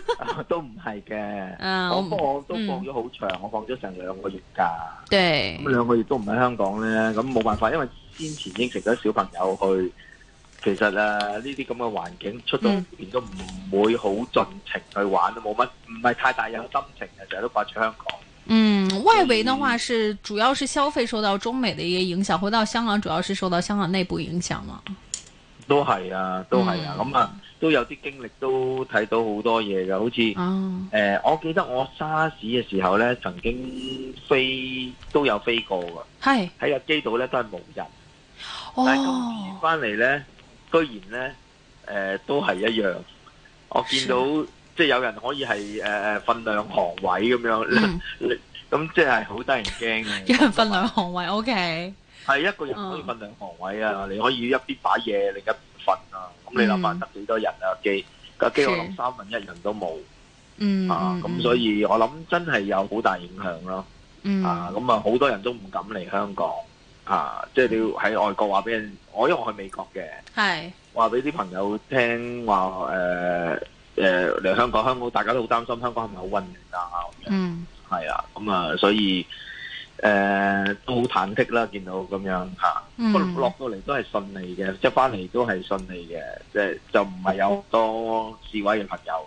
都唔係嘅，我放都放咗好長，我放咗成兩個月噶。對，咁兩個月都唔喺香港咧，咁冇辦法，因為先前應承咗小朋友去，其實誒呢啲咁嘅環境出到邊都唔會好盡情去玩，都冇乜唔係太大有心情嘅，成日都掛住香港。嗯，外圍嘅話是主要是消費受到中美嘅一個影響，回到香港主要是受到香港內部影響嘛？都係啊，都係啊，咁、嗯、啊。嗯都有啲經歷，都睇到好多嘢嘅，好似誒、嗯呃，我記得我沙士嘅時候呢，曾經飛都有飛過㗎，喺個機度呢，都係無人，哦、但係翻嚟呢，居然呢，誒、呃、都係一樣。我見到即係有人可以係誒誒瞓兩行位咁樣，咁、嗯、 即係好得人驚嘅。一人瞓兩行位，OK，係一個人可以瞓兩行位啊、嗯！你可以一邊擺嘢，另一邊瞓啊！嗯、你諗下得幾多人啊？機架機我諗三分一人都冇、嗯，啊咁所以我諗真係有好大影響咯，嗯、啊咁啊好多人都唔敢嚟香港，啊、嗯、即係你要喺外國話俾人，我因為我去美國嘅，話俾啲朋友聽話誒誒嚟香港，香港大家都好擔心香港係咪好溫暖啊咁樣，係啊咁啊所以。誒、呃，都好忐忑啦，見到咁樣吓，不、嗯、過落到嚟都係順利嘅，即係翻嚟都係順利嘅，即係就唔係有好多示威嘅朋友。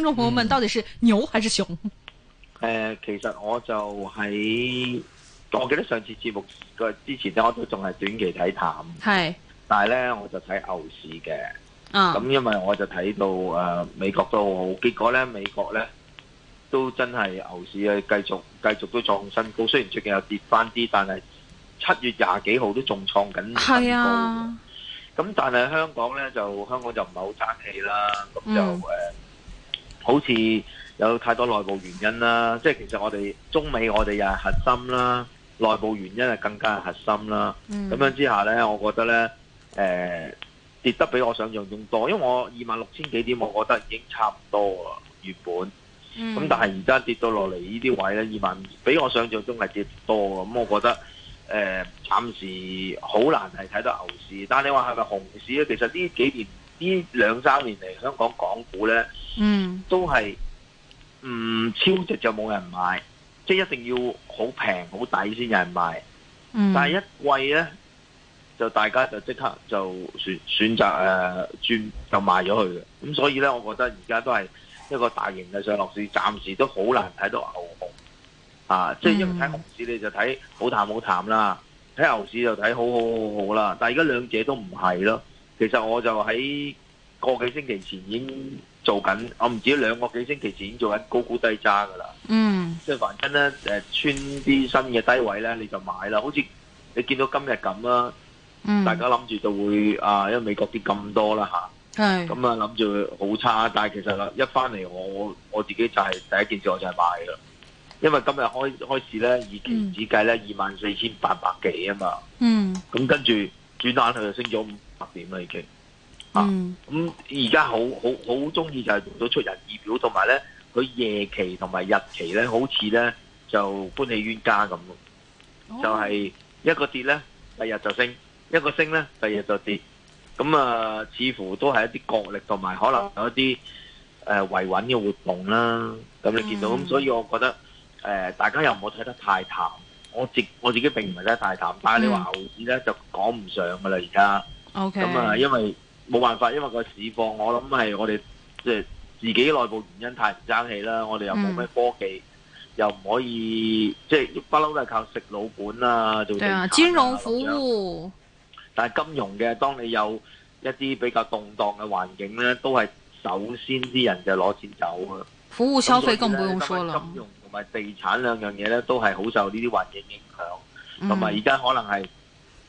觀眾朋友們，到底是牛還是熊？誒、嗯呃，其實我就喺我記得上次節目嘅之前咧，我都仲係短期睇淡。係，但係咧我就睇牛市嘅。咁、啊嗯、因為我就睇到誒、呃、美國都好好，結果咧美國咧都真係牛市啊，繼續繼續都創新高。雖然最近又跌翻啲，但係七月廿幾號都仲創緊。係啊，咁但係香港咧就香港就唔係好爭氣啦。咁就誒。好似有太多內部原因啦，即係其實我哋中美我哋又係核心啦，內部原因係更加係核心啦。咁、嗯、樣之下呢，我覺得呢誒、呃、跌得比我想象中多，因為我二萬六千幾點，我覺得已經差唔多啦，原本咁、嗯、但係而家跌到落嚟呢啲位呢，二萬，比我想象中係跌多啊。咁、嗯、我覺得誒、呃、暫時好難係睇到牛市，但你話係咪熊市呢？其實呢幾年。呢兩三年嚟，香港港股咧、嗯，都係唔超值就冇人買、嗯，即係一定要好平好抵先有人買、嗯。但係一貴咧，就大家就即刻就選選擇誒、呃、轉就賣咗佢嘅。咁所以咧，我覺得而家都係一個大型嘅上落市，暫時都好難睇到牛熊啊！嗯、即係因為睇熊市你就睇好淡好淡啦，睇牛市就睇好好好好啦。但係而家兩者都唔係咯。其實我就喺個幾星期前已經做緊，我唔知兩個幾星期前已經做緊高估低揸噶啦。嗯，即係凡真咧，誒，穿啲新嘅低位咧，你就買啦。好似你見到今日咁啦，嗯，大家諗住就會啊，因為美國跌咁多啦吓，係，啊，咁啊諗住好差。但係其實啦，一返嚟我我自己就係第一件事我就係買噶啦，因為今日開開市咧，已經只計咧二萬四千八百幾啊嘛，嗯，咁跟住轉眼佢就升咗。點、嗯、啦，已經啊，咁而家好好好中意，就係做到出人意表，同埋咧佢夜期同埋日期咧，好似咧就歡喜冤家咁咯、哦，就係、是、一個跌咧，第二日就升，一個升咧，第二日就跌，咁啊，似乎都係一啲角力同埋可能有一啲誒維穩嘅活動啦。咁你見到咁、嗯，所以我覺得誒、呃，大家又唔好睇得太淡。我自我自己並唔係睇太淡，但係你話後市咧就講唔上噶啦，而家。咁、okay. 啊、嗯，因為冇辦法，因為個市況，我諗係我哋即係自己內部原因太唔爭氣啦。我哋又冇咩科技，嗯、又唔可以即係不嬲都係靠食老本啦、啊。做地產啊，對啊，金融服務。等等，但係金融嘅，當你有一啲比較動盪嘅環境咧，都係首先啲人就攞錢走啊。服務消費更不用說了。金融同埋地產兩樣嘢咧，都係好受呢啲環境影響。同、嗯、埋而家可能係。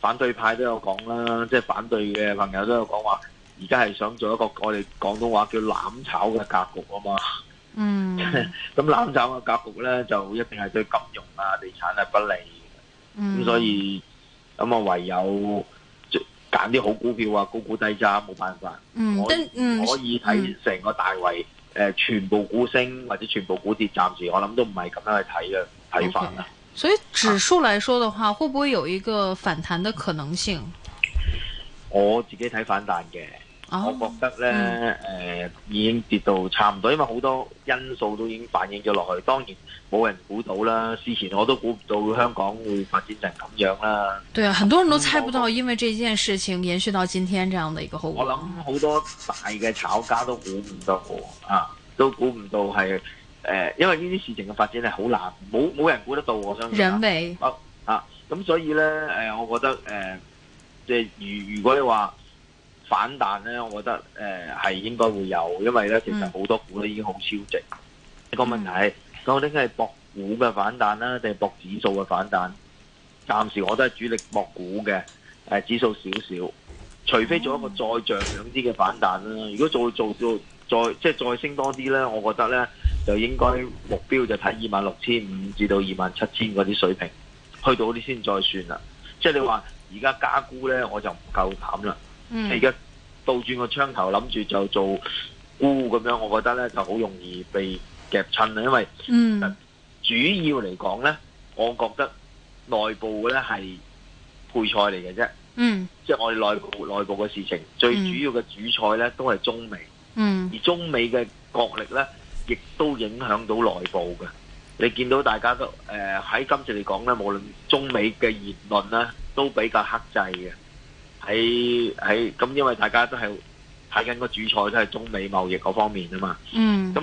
反對派都有講啦，即係反對嘅朋友都有講話，而家係想做一個我哋廣東話叫攬炒嘅格局啊嘛。嗯，咁 攬炒嘅格局咧，就一定係對金融啊、地產係不利咁、嗯、所以咁啊，我唯有揀啲好股票啊，高沽低揸，冇辦法。嗯，我可以睇成、嗯、個大圍誒、嗯，全部股升或者全部股跌，暫時我諗都唔係咁樣去睇嘅睇法啦。Okay. 所以指數來說的話，啊，會不會有一個反彈的可能性？我自己睇反彈嘅，啊，我覺得呢，誒、嗯呃，已經跌到差唔多，因為好多因素都已經反映咗落去。當然冇人估到啦，之前我都估唔到香港會發展成咁樣啦。對啊，嗯，很多人都猜不到，因為這件事情延續到今天這樣的一個後果我。我諗好多大嘅炒家都估唔到啊，都估唔到係。誒、呃，因為呢啲事情嘅發展係，好難，冇冇人估得到，我相信。人咁，、啊、所以咧，誒，我覺得，誒、呃，即、就、係、是、如如果你話反彈咧，我覺得誒係、呃、應該會有，因為咧其實好多股咧已經好超值。嗯、一個問題係究竟係博股嘅反彈啦，定係博指數嘅反彈？暫時我都係主力博股嘅，誒、呃、指數少少。除非做一個再漲兩啲嘅反彈啦、嗯，如果做做做再即係再升多啲咧，我覺得咧。就應該目標就睇二萬六千五至到二萬七千嗰啲水平，去到嗰啲先再算啦。即係你話而家加沽咧，我就唔夠膽啦。而、嗯、家倒轉個槍頭，諗住就做沽咁樣，我覺得咧就好容易被夾親啦。因為、嗯、主要嚟講咧，我覺得內部咧係配菜嚟嘅啫。即、嗯、係、就是、我哋內部內部嘅事情，最主要嘅主菜咧都係中美、嗯。而中美嘅角力咧。亦都影響到內部嘅，你見到大家都誒喺、呃、今次嚟講咧，無論中美嘅言論咧，都比較克制嘅。喺喺咁，因為大家都係睇緊個主菜，都係中美貿易嗰方面啊嘛。嗯。咁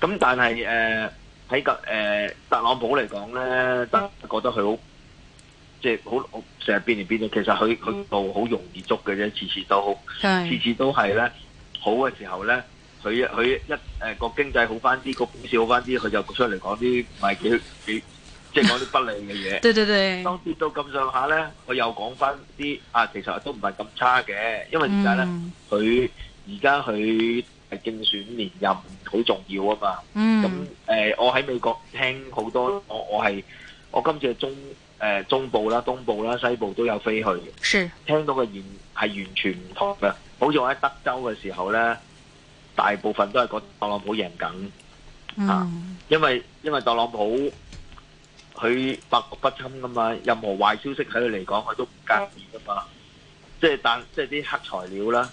咁，但係誒喺個誒特朗普嚟講咧，得覺得佢好，即係好成日變嚟變去。其實佢佢度好容易捉嘅啫，次次都，次都，好，次次都係咧，好嘅時候咧。佢佢一誒個、呃、經濟好翻啲，個股市好翻啲，佢就出嚟講啲唔係幾幾，即係講啲不利嘅嘢。 對對對，當跌到咁上下咧，佢又講翻啲啊，其實都唔係咁差嘅，因為點解咧？佢而家佢係競選連任，好重要啊嘛。嗯，咁誒、呃，我喺美國聽好多，我我係我今次係中誒、呃、中部啦、東部啦、西部都有飛去嘅，是聽到嘅完係完全唔同嘅，好似我喺德州嘅時候咧。大部分都係覺得特朗普贏緊、嗯，啊，因為因為特朗普佢百毒不侵噶嘛，任何壞消息喺佢嚟講佢都唔介意噶嘛。即係但即係啲黑材料啦，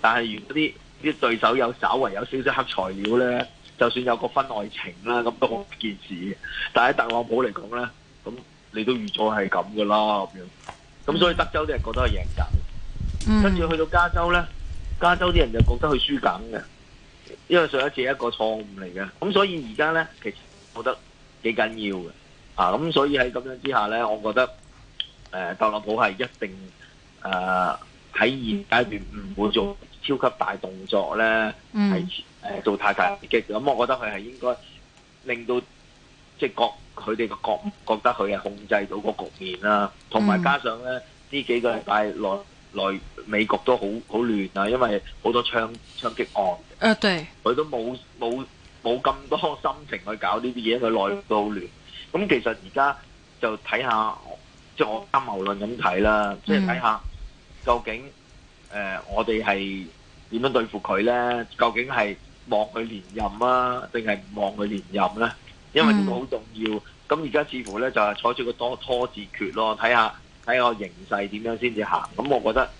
但係如果啲啲對手有稍為有少少黑材料咧，就算有個婚外情啦，咁都好件事。但係喺特朗普嚟講咧，咁你都預咗係咁噶啦，咁、嗯、樣。咁所以德州啲人覺得係贏緊，跟、嗯、住去到加州咧，加州啲人就覺得佢輸緊嘅。因為上一次係一個錯誤嚟嘅，咁所以而家咧，其實我覺得幾緊要嘅，啊，咁所以喺咁樣之下咧，我覺得誒特朗普係一定誒喺、呃、現階段唔會做超級大動作咧，係、嗯、誒、呃、做太大嘅，咁我覺得佢係應該令到即係國佢哋嘅國覺得佢係控制到個局面啦、啊，同埋加上咧呢幾個禮拜內。內美國都好好亂啊，因為好多槍槍擊案。啊，對，佢都冇冇冇咁多心情去搞呢啲嘢，佢內地都好亂。咁、嗯、其實而家就睇下，即係我陰謀論咁睇啦，即係睇下究竟誒、呃、我哋係點樣對付佢咧？究竟係望佢連任啊，定係唔望佢連任咧？因為呢個好重要。咁而家似乎咧就係、是、採取個多拖字決咯，睇下。睇個形勢點樣先至行，咁我覺得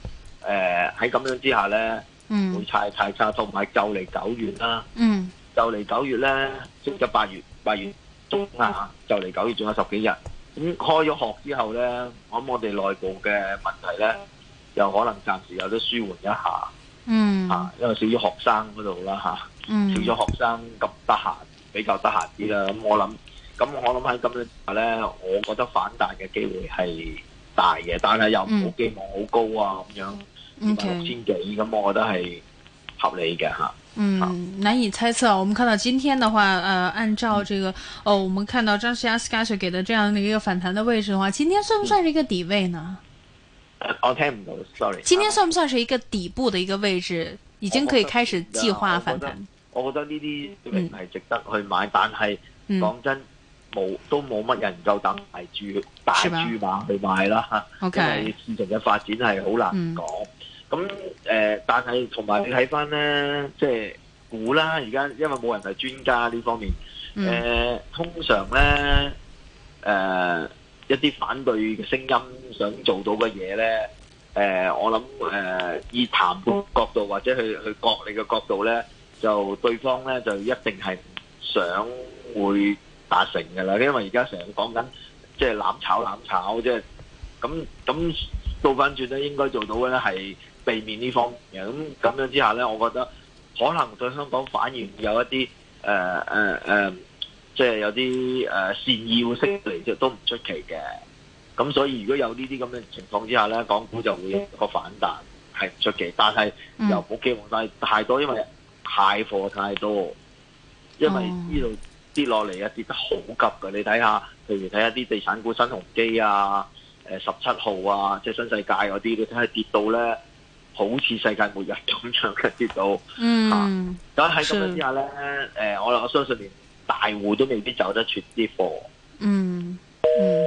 誒喺咁樣之下咧、嗯，會差太差，同埋就嚟九月啦、嗯，就嚟九月咧，先至八月，八月中啊，就嚟九月仲有十幾日，咁開咗學之後咧，咁我諗我哋內部嘅問題咧，又可能暫時有得舒緩一下，嚇、嗯啊，因為少咗學生嗰度啦吓，少咗學生咁得閒，比較得閒啲啦。咁我諗，咁我諗喺咁樣之下咧，我覺得反彈嘅機會係大嘅，但係又冇寄望好高啊咁、嗯、樣，六千幾，咁、okay. 我覺得係合理嘅吓。嗯、啊，難以猜測。我們看到今天的話，呃，按照這個，嗯、哦，我們看到張士佳阿 Sky 給的這樣的一個反彈的位置的話，今天算不算是一個底位呢？嗯呃、我聽唔到，sorry。今天算不算是一個底部的一個位置，已經可以開始計劃反彈？我覺得呢啲明明係值得去買，嗯、但係講、嗯、真。都冇乜人夠膽大豬馬去賣啦，是 okay. 因為事情嘅發展係好難講。咁、嗯、誒、呃，但係同埋你睇翻咧，即係估啦，而家因為冇人係專家呢方面。誒、呃，通常咧，誒、呃，一啲反對嘅聲音想做到嘅嘢咧，誒、呃，我諗誒、呃，以談判角度或者去去角力嘅角度咧，就對方咧就一定係唔想會達成嘅啦，因為而家成日講緊，即係攬炒攬炒，即係咁咁倒翻轉咧，應該做到嘅咧係避免呢方面嘅。咁咁樣之下咧，我覺得可能對香港反而有一啲誒誒誒，即係有啲誒善意會釋出嚟，都唔出奇嘅。咁所以如果有呢啲咁嘅情況之下咧，港股就會有一個反彈係唔出奇，但係又冇期望晒太多，因為太貨太多，因為呢度、嗯。跌落嚟啊，跌得好急噶！你睇下，譬如睇下啲地產股，新鴻基啊、誒十七號啊、即係新世界嗰啲，你睇下跌到咧，好似世界末日咁樣嘅跌到嗯。咁喺咁樣之下咧，誒我、呃、我相信連大戶都未必走得脫啲貨。嗯嗯。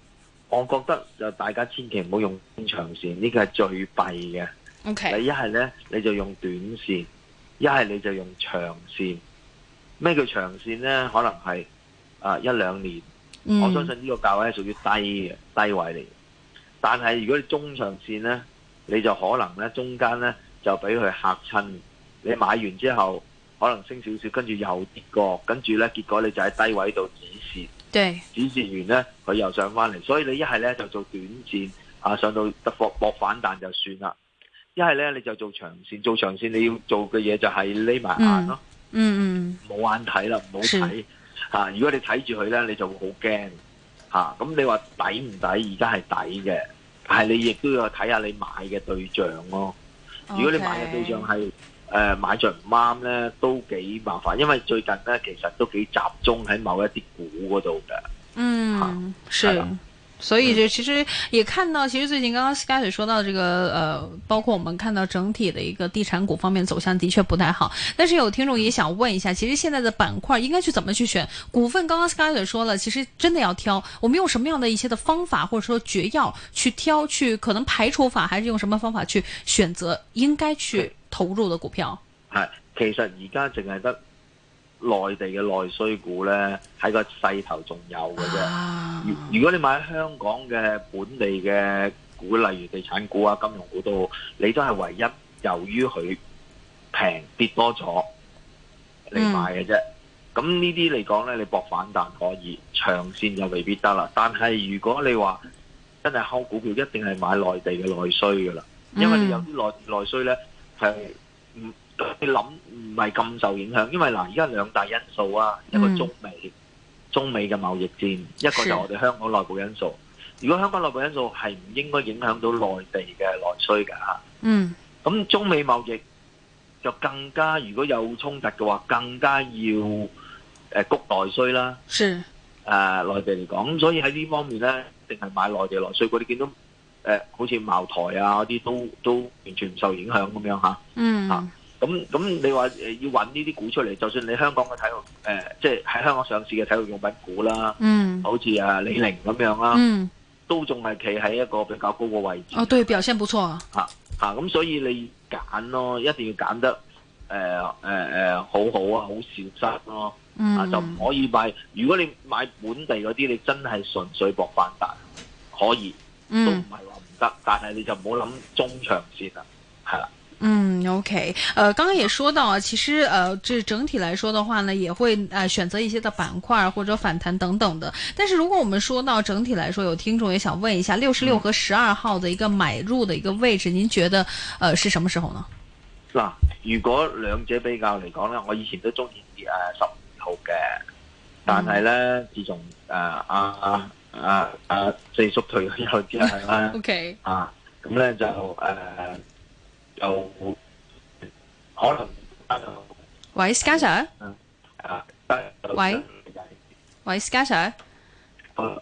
我覺得就大家千祈唔好用長線，呢個係最弊嘅。Okay. 你一係呢，你就用短線，一係你就用長線。咩叫長線呢？可能係、啊、一兩年、嗯。我相信呢個價位係屬於低嘅低位嚟。但係如果你中長線呢，你就可能呢，中間呢，就俾佢嚇親。你買完之後可能升少少，跟住又跌過，跟住呢，結果你就喺低位度止蝕。對指示完咧，佢又上翻嚟，所以你一係咧就做短線啊，上到得搏搏反彈就算啦；一係咧你就做長線，做長線你要做嘅嘢就係匿埋眼咯、嗯哦，嗯嗯冇眼睇啦，唔好睇嚇。如果你睇住佢咧，你就會好驚嚇。咁、啊、你話抵唔抵？而家係抵嘅，但係你亦都要睇下你買嘅對象咯、哦。Okay. 如果你買嘅對象係，呃，買進唔啱呢都幾麻煩，因為最近呢其實都幾集中喺某一啲股嗰度嘅。嗯，係、啊。所以就其實也看到，其實最近剛剛士佳說到這個，嗯、呃包括我們看到整體的一個地產股方面走向，的確不太好。但是有聽眾也想問一下，其實現在的板塊應該去怎麼去選股份？剛剛士佳說了，其實真的要挑，我們用什麼樣的一些的方法，或者說絕要去挑，去可能排除法，還是用什麼方法去選擇應該去？投入的股票係，其實而家淨係得內地嘅內需股呢，喺個勢頭仲有嘅啫。啊、如果你買香港嘅本地嘅股，例如地產股啊、金融股都好，你都係唯一由於佢平跌多咗你買嘅啫。咁呢啲嚟講呢，你搏反彈可以，長綫就未必得啦。但係如果你話真係敲股票，一定係買內地嘅內需噶啦，因為你有啲內內需呢。係唔你諗唔係咁受影響，因為嗱，而家兩大因素啊、嗯，一個中美中美嘅貿易戰是，一個就是我哋香港內部因素。如果香港內部因素係唔應該影響到內地嘅內需噶吓，嗯，咁中美貿易就更加，如果有衝突嘅話，更加要誒、呃、谷內需啦。是誒、呃，內地嚟講，所以喺呢方面咧，淨係買內地內需嗰啲，你見到。誒、呃，好似茅台啊嗰啲都都完全唔受影響咁樣嚇，嚇咁咁你話要揾呢啲股出嚟，就算你香港嘅體育、呃、誒，即係喺香港上市嘅體育用品股啦，嗯，好似啊李寧咁、嗯、樣啦，嗯，都仲係企喺一個比較高嘅位置，哦，對表現不錯吓、啊、嚇、啊、咁、啊、所以你揀咯，一定要揀得誒誒好好啊，好善失咯、啊，嗯、啊、就唔可以買。如果你買本地嗰啲，你真係純粹博反彈，可以，都唔係。但但係你就唔好諗中長線啦，係啦。嗯，OK，呃剛剛也說到啊，其實呃這整體來說的話呢，也會呃選擇一些的板塊或者反彈等等的。但是如果我們說到整體來說，有聽眾也想問一下六十六和十二號的一個買入的一個位置，嗯、您覺得呃是什麼時候呢？嗱，如果兩者比較嚟講呢，我以前都中意誒十二號嘅，但係咧、嗯、自從誒阿。呃啊啊啊啊，四叔退休之後係啦，OK，啊，咁咧就誒，就可能。喂，Scossa。啊。啊。喂。喂，Scossa。好。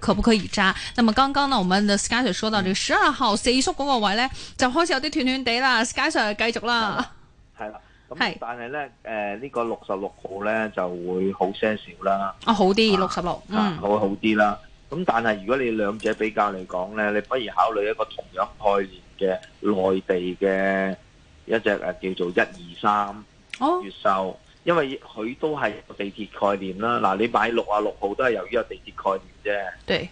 可不可以揸？咁啊，剛剛呢，我們的 SkySir 說到呢十二號四叔嗰個位置呢，就開始有啲斷斷地啦。SkySir 繼續啦，係啦、啊，咁、啊嗯、但係咧，誒、呃，呢、這個六十六號呢，就會好些少啦，哦，好啲，六十六，啊，會好啲啦。咁、嗯、但係如果你兩者比較嚟講呢，你不如考慮一個同樣概念嘅內地嘅一隻誒、啊、叫做一二三，哦，越秀。因為佢都係地鐵概念啦，嗱你買六啊六號都係由於有地鐵概念啫。對。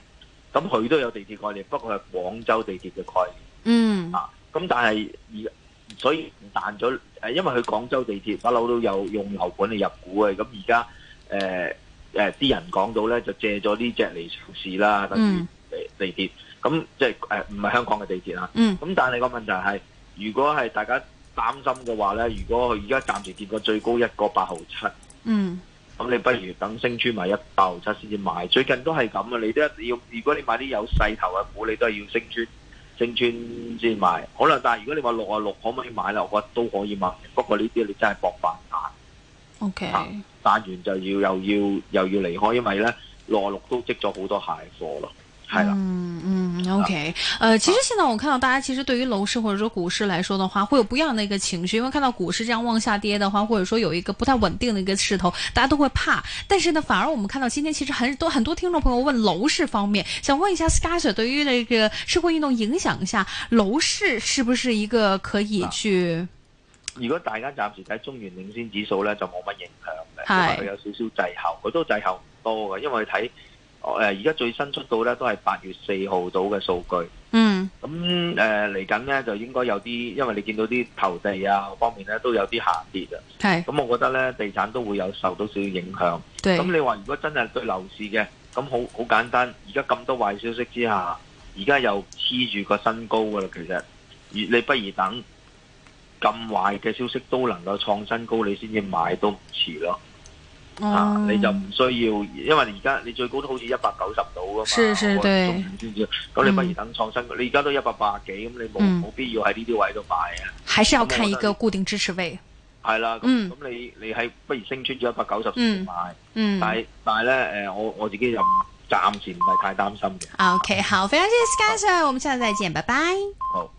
咁佢都有地鐵概念，不過係廣州地鐵嘅概念。嗯。啊，咁但係而所以彈咗，誒，因為佢廣州地鐵不嬲都有用樓盤嚟入股嘅，咁而家誒誒啲人講到咧，就借咗呢隻嚟嘗試啦，等於地鐵，咁即係誒唔係香港嘅地鐵啦。嗯。咁但係個問題係，如果係大家。擔心嘅話咧，如果佢而家暫時跌過最高一個八毫七，嗯，咁你不如等升穿埋一八毫七先至買。最近都係咁啊，你都要。如果你買啲有勢頭嘅股，你都係要升穿，升穿先買。可能但係如果你話六啊六可唔可以買咧？我覺得都可以買，不過呢啲你真係搏反彈。O K. 彈完就要又要又要離開，因為咧六啊六都積咗好多蟹貨咯。嗯嗯，OK，啊，呃，其實現在我看到大家其實對於樓市或者說股市來說的話，會有不一樣的一個情緒，因為看到股市這樣往下跌的話，或者說有一個不太穩定的一個勢頭，大家都會怕。但是呢，反而我們看到今天其實很多很多聽眾朋友問樓市方面，想問一下 Sky Sir 對於呢個社會運動影響下，樓市是不是一個可以去？如果大家暫時睇中原領先指數呢，就冇乜影響嘅，因為有，有少少滯後，佢都滯後唔多嘅，因為睇。哦，誒，而家最新出到咧都係八月四號到嘅數據。嗯。咁誒嚟緊咧就應該有啲，因為你見到啲投地啊，方面咧都有啲下跌啊。係。咁我覺得咧，地產都會有受到少少影響。對。咁你話如果真係對樓市嘅，咁好好簡單，而家咁多壞消息之下，而家又黐住個新高噶啦，其實，你不如等咁壞嘅消息都能夠創新高，你先至買都唔遲咯。嗯、啊！你就唔需要，因為而家你最高都好似一百九十度噶嘛，中午先咁，不對不咁你不如等創新。嗯、你而家都一百八幾，咁你冇冇、嗯、必要喺呢啲位度買啊。還是要看一個固定支持位。係啦，嗯，咁、嗯、你你喺不如升穿咗一百九十先買，嗯嗯、但係但係咧誒，我我自己就暫時唔係太擔心嘅。OK，嗯好，嗯、好，非常之感謝，我們下次再見，拜拜。好。